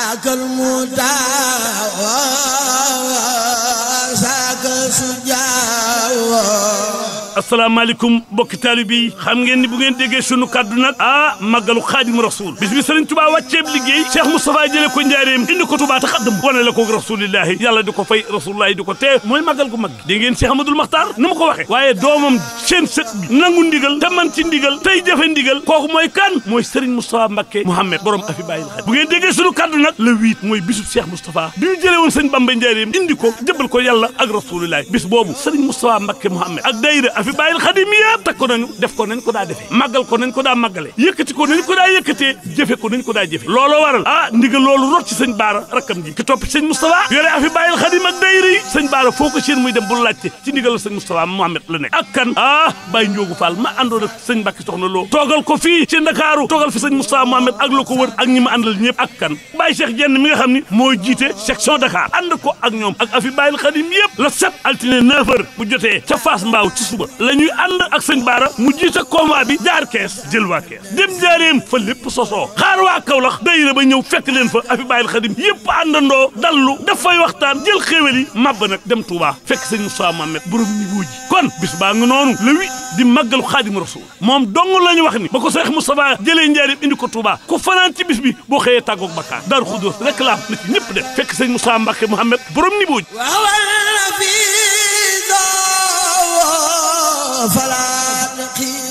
عقل مدار asalaamaaleykum mbokki taalibe yi xam ngeen ni bu ngeen déggee sunu kaddu nag ah màggalu xaadimu rasul bis bi sëriñ Tuubaa wàcceeb liggéey Cheikh Moustapha jële ko njaareem indi ko Tuubaa taxaddam wane la ko rasulillahi yàlla di ko fay rasulillahi di ko tee mooy màggal gu mag gi dégg ngeen Cheikh Amadou Makhtar nu ma ko waxe waaye doomam seen sët bi nangu ndigal te man ci ndigal tey jafe ndigal kooku mooy kan mooy sëriñ Moustapha Mbacké Mouhamed borom afi bàyyil xel bu ngeen déggee sunu kaddu nag le huit mooy bisub Cheikh Moustapha bi ñu jële woon sëñ Bamba njaareem indi ko jëbal ko yàlla ak rasulillahi bis boobu sëriñ Moustapha Mbacké Mouhamed ak dayra fi bàyyil xadim yëpp takk ko nañu def ko nañ ko daa defee màggal ko nañ ko daa maggale yëkkati ko nañ ko daa yëkkatee jëfe ko nañ ko daa jëfe looloo waral ah ndigal loolu rot ci sëñ baara rakkam ji ki topp ci sëñ moustapha yore afi bàyyil xadim ak dayri sëñ baara foo ko seen muy dem bu laajte ci ndigal la sëñ moustapha mohamed la nekk ak kan ah bàyyi njoogu fall ma àndoon sëñ mbàkki soxna loo toogal ko fii ci ndakaaru toogal fi sëñ moustapha mohamed ak la ko wër ak ñi ma àndal ñëpp ak kan bàyyi cheikh jenn mi nga xam ni mooy jiite section dakar ànd ko ak ñoom ak afi bàyyil xadim yëpp la bu jotee ca Fass Mbao ci suba la ñuy ànd ak sëñ Baara mu jiite convoi bi jaar kees jël waa kees dem jaareem fa lépp sosoo xaar waa Kaolack dayira ba ñëw fekk leen fa afi bàyyil xadim yëpp àndandoo dallu dafay waxtaan jël xéewal yi màbba nag dem Touba fekk sëñ Moussa Mamet borom niveau ji kon bis baa ngi noonu le huit di màggalu xaadim rasul moom dong la ñu wax ni ba ko Seex Moustapha jëlee njaareem indi ko Touba ko fanaan ci bis bi boo xëyee tàggoog bakkaar daaru xudóos réclame na ci ñëpp dem fekk sëñ Moussa Mbacke Mouhamed borom niveau ji keep